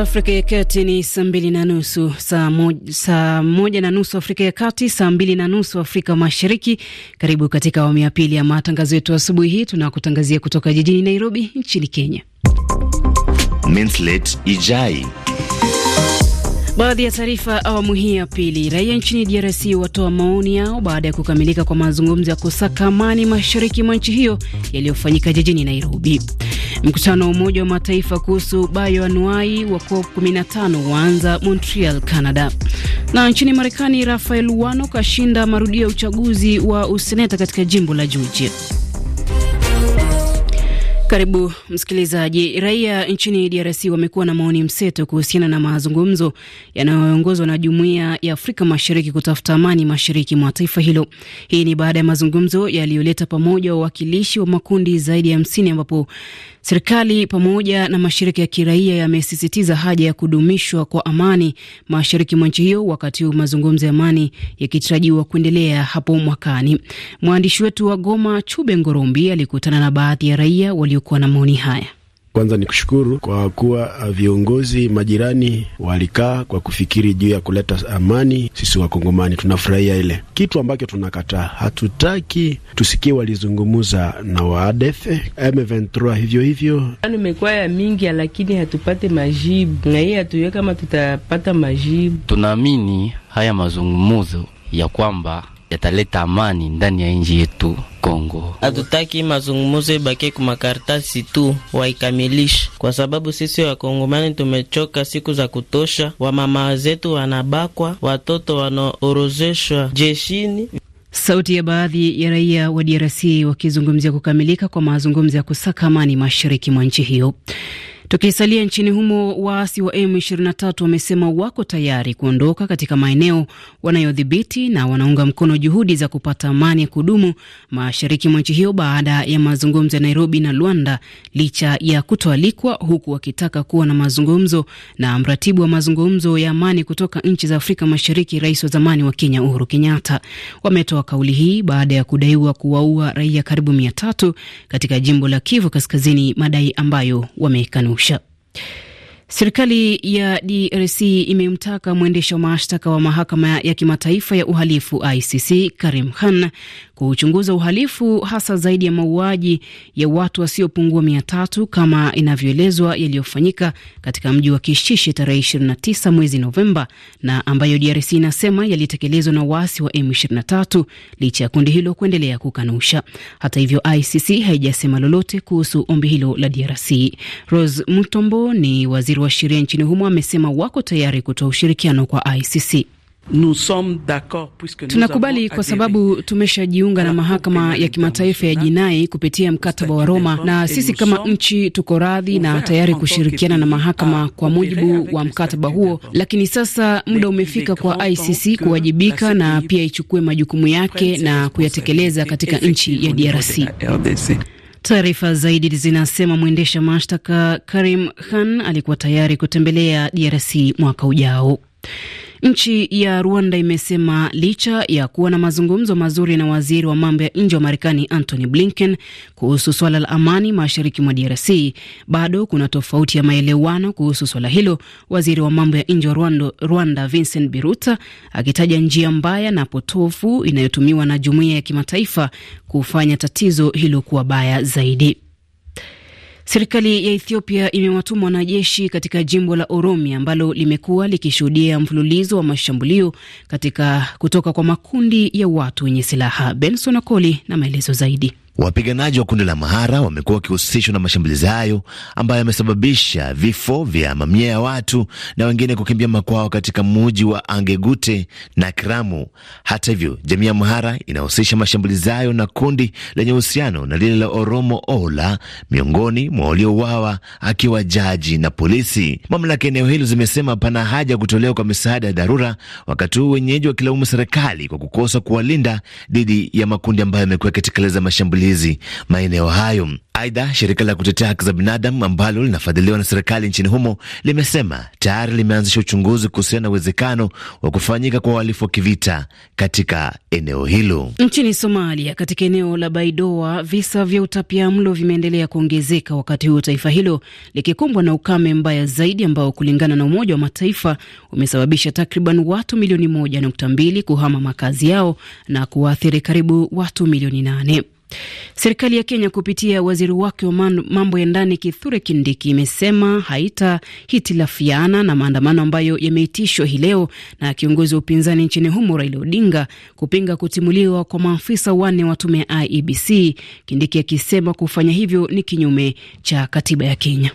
Afrika ya Kati ni saa mbili na nusu, saa moja, saa moja na nusu Afrika ya Kati, saa mbili na nusu Afrika Mashariki. Karibu katika awamu ya pili ya matangazo yetu asubuhi hii. Tunakutangazia kutoka jijini Nairobi nchini Kenya. Mintlet Ijai. Baadhi ya taarifa awamu hii ya pili. Raia nchini DRC watoa maoni yao baada ya kukamilika kwa mazungumzo ya kusaka amani mashariki mwa nchi hiyo yaliyofanyika jijini Nairobi. Mkutano wa Umoja wa Mataifa kuhusu bayoanuai wa COP15 waanza Montreal, Canada. Na nchini Marekani, Rafael Wano kashinda marudio ya uchaguzi wa useneta katika jimbo la Georgia. Karibu msikilizaji. Raia nchini DRC wamekuwa na maoni mseto kuhusiana na mazungumzo yanayoongozwa na jumuiya ya Afrika Mashariki kutafuta amani mashariki mwa taifa hilo. Hii ni baada ya mazungumzo yaliyoleta pamoja wawakilishi wa makundi zaidi ya hamsini ambapo serikali pamoja na mashirika ya kiraia yamesisitiza haja ya kudumishwa kwa amani mashariki mwa nchi hiyo, wakati huu mazungumzo ya amani yakitarajiwa kuendelea hapo mwakani. Mwandishi wetu wa Goma, Chube Ngorombi, alikutana na baadhi ya raia walio waliokuwa na maoni haya. Kwanza ni kushukuru kwa kuwa uh, viongozi majirani walikaa kwa kufikiri juu ya kuleta amani. Sisi Wakongomani tunafurahia ile kitu ambacho tunakataa, hatutaki tusikie walizungumza na waadefe M23 hivyo hivyo, yaani imekuwa ya mingi, lakini hatupate majibu na hii hatuwe kama tutapata majibu. Tunaamini haya mazungumzo ya kwamba yataleta amani ndani ya nchi yetu. Kongo. Hatutaki mazungumzo ibakie kumakaratasi tu, waikamilishe, kwa sababu sisi wakongomani tumechoka siku za kutosha. Wamama zetu wanabakwa, watoto wanaorozeshwa jeshini. Sauti ya baadhi ya raia wa DRC wakizungumzia kukamilika kwa mazungumzo ya kusaka amani mashariki mwa nchi hiyo. Tukisalia nchini humo, waasi wa M23 wamesema wako tayari kuondoka katika maeneo wanayodhibiti na wanaunga mkono juhudi za kupata amani ya kudumu mashariki mwa nchi hiyo baada ya mazungumzo ya Nairobi na Luanda, licha ya kutoalikwa, huku wakitaka kuwa na mazungumzo na mratibu wa mazungumzo ya amani kutoka nchi za Afrika Mashariki, rais wa zamani wa Kenya Uhuru Kenyatta. Wametoa kauli hii baada ya kudaiwa kuwaua raia karibu mia tatu katika jimbo la Kivu Kaskazini, madai ambayo wamekanusha. Arusha. Serikali ya DRC imemtaka mwendesha mashtaka wa mahakama ya kimataifa ya uhalifu ICC Karim Khan kuchunguza uhalifu hasa zaidi ya mauaji ya watu wasiopungua mia tatu kama inavyoelezwa yaliyofanyika katika mji wa kishishi tarehe 29 mwezi Novemba na ambayo DRC inasema yalitekelezwa na waasi wa M23 licha ya kundi hilo kuendelea kukanusha. Hata hivyo, ICC haijasema lolote kuhusu ombi hilo la DRC. Rose Mutombo ni waziri wa sheria nchini humo, amesema wako tayari kutoa ushirikiano kwa ICC. Tunakubali kwa sababu tumeshajiunga na mahakama ya kimataifa ya jinai kupitia mkataba wa Roma, na sisi kama nchi tuko radhi na tayari kushirikiana na mahakama kwa mujibu wa mkataba huo. Lakini sasa muda umefika kwa ICC kuwajibika na pia ichukue majukumu yake na kuyatekeleza katika nchi ya DRC. Taarifa zaidi zinasema mwendesha mashtaka Karim Khan alikuwa tayari kutembelea DRC mwaka ujao. Nchi ya Rwanda imesema licha ya kuwa na mazungumzo mazuri na waziri wa mambo ya nje wa Marekani Antony Blinken kuhusu swala la amani mashariki mwa DRC, bado kuna tofauti ya maelewano kuhusu swala hilo, waziri wa mambo ya nje wa Rwanda, Rwanda Vincent Biruta akitaja njia mbaya na potofu inayotumiwa na jumuiya ya kimataifa kufanya tatizo hilo kuwa baya zaidi. Serikali ya Ethiopia imewatuma wanajeshi katika jimbo la Oromia ambalo limekuwa likishuhudia mfululizo wa mashambulio katika kutoka kwa makundi ya watu wenye silaha. Benson Akoli na maelezo zaidi. Wapiganaji wa kundi la Mahara wamekuwa wakihusishwa na mashambulizi hayo ambayo yamesababisha vifo vya mamia ya watu na wengine kukimbia makwao katika muji wa Angegute na Kiramu. Hata hivyo, jamii ya Mahara inahusisha mashambulizi hayo na kundi lenye uhusiano na lile la Oromo Ola, miongoni mwa waliouawa akiwa jaji na polisi. Mamlaka eneo hilo zimesema pana haja ya kutolewa kwa misaada ya dharura, wakati huu wenyeji wakilaumu serikali kwa kukosa kuwalinda dhidi ya makundi ambayo yamekuwa yakitekeleza mashambulizi wakimbizi maeneo hayo. Aidha, shirika la kutetea haki za binadamu ambalo linafadhiliwa na serikali nchini humo limesema tayari limeanzisha uchunguzi kuhusiana na uwezekano wa kufanyika kwa uhalifu wa kivita katika eneo hilo. Nchini Somalia, katika eneo la Baidoa, visa vya utapiamlo vimeendelea kuongezeka, wakati huo taifa hilo likikumbwa na ukame mbaya zaidi ambao kulingana na Umoja wa Mataifa umesababisha takriban watu milioni moja nukta mbili kuhama makazi yao na kuwaathiri karibu watu milioni nane. Serikali ya Kenya kupitia waziri wake wa mambo ya ndani Kithure Kindiki imesema haitahitilafiana na maandamano ambayo yameitishwa hii leo na kiongozi wa upinzani nchini humo Raila Odinga kupinga kutimuliwa kwa maafisa wanne wa tume ya IEBC, Kindiki akisema kufanya hivyo ni kinyume cha katiba ya Kenya.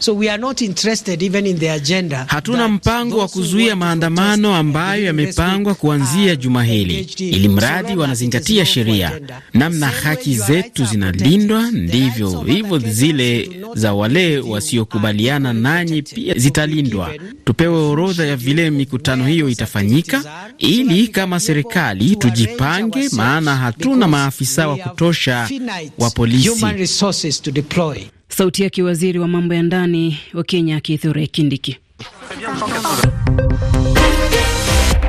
So we are not interested even in the agenda. Hatuna mpango wa kuzuia maandamano ambayo yamepangwa kuanzia juma hili, ili mradi wanazingatia sheria, namna haki zetu zinalindwa, ndivyo hivyo zile za wale wasiokubaliana nanyi pia zitalindwa. Tupewe orodha ya vile mikutano hiyo itafanyika, ili kama serikali tujipange, maana hatuna maafisa wa kutosha wa polisi. Sauti yake waziri wa mambo ya ndani wa Kenya Kithure Kindiki.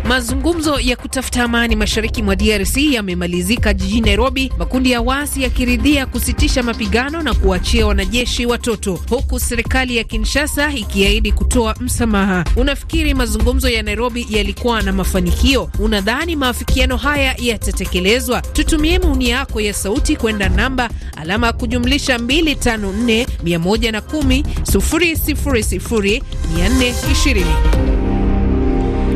Mazungumzo ya kutafuta amani mashariki mwa DRC yamemalizika jijini Nairobi, makundi ya wasi yakiridhia kusitisha mapigano na kuachia wanajeshi watoto, huku serikali ya Kinshasa ikiahidi kutoa msamaha. Unafikiri mazungumzo ya Nairobi yalikuwa na mafanikio? Unadhani maafikiano haya yatatekelezwa? Tutumie maoni yako ya sauti kwenda namba alama ya kujumlisha 254 110 000 420.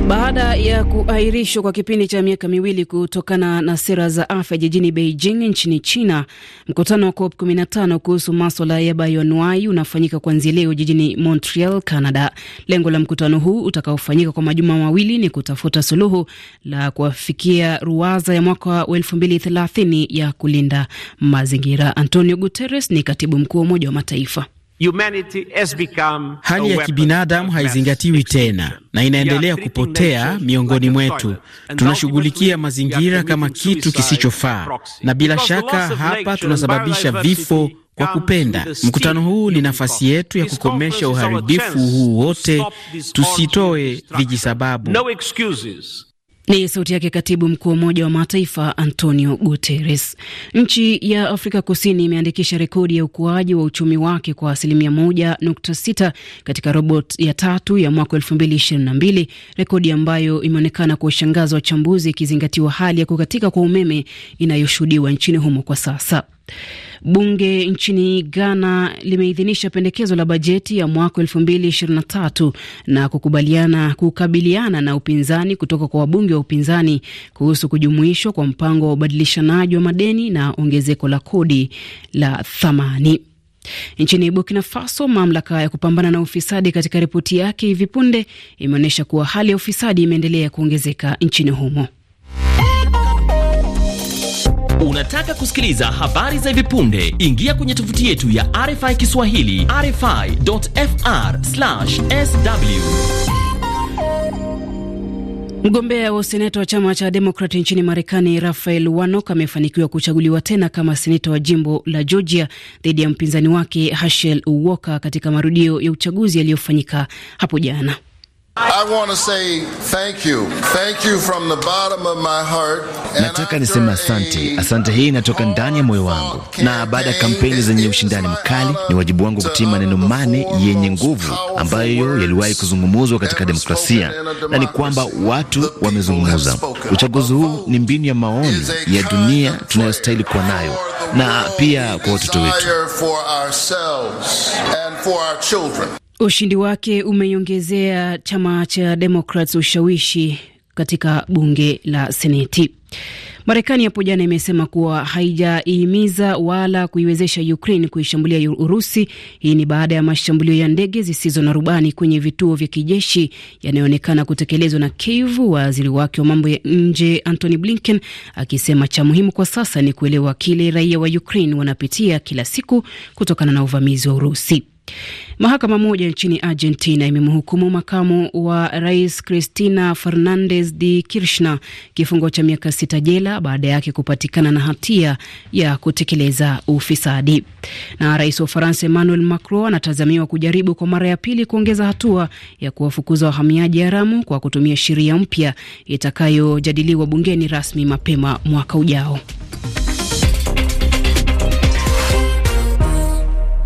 Baada ya kuahirishwa kwa kipindi cha miaka miwili kutokana na sera za afya jijini Beijing nchini China, mkutano wa COP15 kuhusu maswala ya bayonwai unafanyika kuanzia leo jijini Montreal, Canada. Lengo la mkutano huu utakaofanyika kwa majuma mawili ni kutafuta suluhu la kuwafikia ruwaza ya mwaka wa 2030 ya kulinda mazingira. Antonio Guterres ni katibu mkuu wa Umoja wa Mataifa. Hali ya kibinadamu haizingatiwi tena na inaendelea kupotea miongoni mwetu. Tunashughulikia mazingira kama kitu kisichofaa, na bila shaka hapa tunasababisha vifo kwa kupenda. Mkutano huu ni nafasi yetu ya kukomesha uharibifu huu wote, tusitoe vijisababu. Ni sauti yake katibu mkuu wa Umoja wa Mataifa Antonio Guterres. Nchi ya Afrika Kusini imeandikisha rekodi ya ukuaji wa uchumi wake kwa asilimia 1.6 katika robo ya tatu ya mwaka mbili, rekodi ambayo imeonekana kwa ushangaza wachambuzi, ikizingatiwa hali ya kukatika kwa umeme inayoshuhudiwa nchini humo kwa sasa. Bunge nchini Ghana limeidhinisha pendekezo la bajeti ya mwaka tatu na kukubaliana kukabiliana na upinzani kutoka kwa wabunge wa upinzani kuhusu kujumuishwa kwa mpango wa ubadilishanaji wa madeni na ongezeko la kodi la thamani. Nchini Burkina Faso, mamlaka ya kupambana na ufisadi katika ripoti yake hivi punde imeonyesha kuwa hali ya ufisadi imeendelea kuongezeka nchini humo. Unataka kusikiliza habari za hivi punde? Ingia kwenye tovuti yetu ya RFI Kiswahili, rfi.fr/sw. Mgombea wa seneta wa chama cha Demokrati nchini Marekani, Rafael Wanok amefanikiwa kuchaguliwa tena kama seneta wa jimbo la Georgia dhidi ya mpinzani wake hashel Walker katika marudio ya uchaguzi yaliyofanyika hapo jana. Nataka niseme asante, asante. Hii inatoka ndani ya moyo wangu, na baada ya kampeni zenye ushindani mkali, ni wajibu wangu kutii maneno mane yenye nguvu ambayo yaliwahi kuzungumuzwa katika demokrasia, na ni kwamba watu wamezungumza. Uchaguzi huu ni mbinu ya maoni ya dunia tunayostahili kuwa nayo, na pia kwa watoto wetu. Ushindi wake umeiongezea chama cha Democrats ushawishi katika bunge la Seneti. Marekani hapo jana imesema kuwa haijaihimiza wala kuiwezesha Ukraine kuishambulia Urusi. Hii ni baada ya mashambulio ya ndege zisizo na rubani kwenye vituo vya kijeshi yanayoonekana kutekelezwa na Kiev, waziri wake wa mambo ya nje Antony Blinken akisema cha muhimu kwa sasa ni kuelewa kile raia wa Ukraine wanapitia kila siku kutokana na uvamizi wa Urusi. Mahakama moja nchini Argentina imemhukumu makamu wa rais Cristina Fernandez de Kirchner kifungo cha miaka sita jela baada yake kupatikana na hatia ya kutekeleza ufisadi. Na rais wa Ufaransa Emmanuel Macron anatazamiwa kujaribu kwa mara ya pili kuongeza hatua ya kuwafukuza wahamiaji haramu kwa kutumia sheria mpya itakayojadiliwa bungeni rasmi mapema mwaka ujao.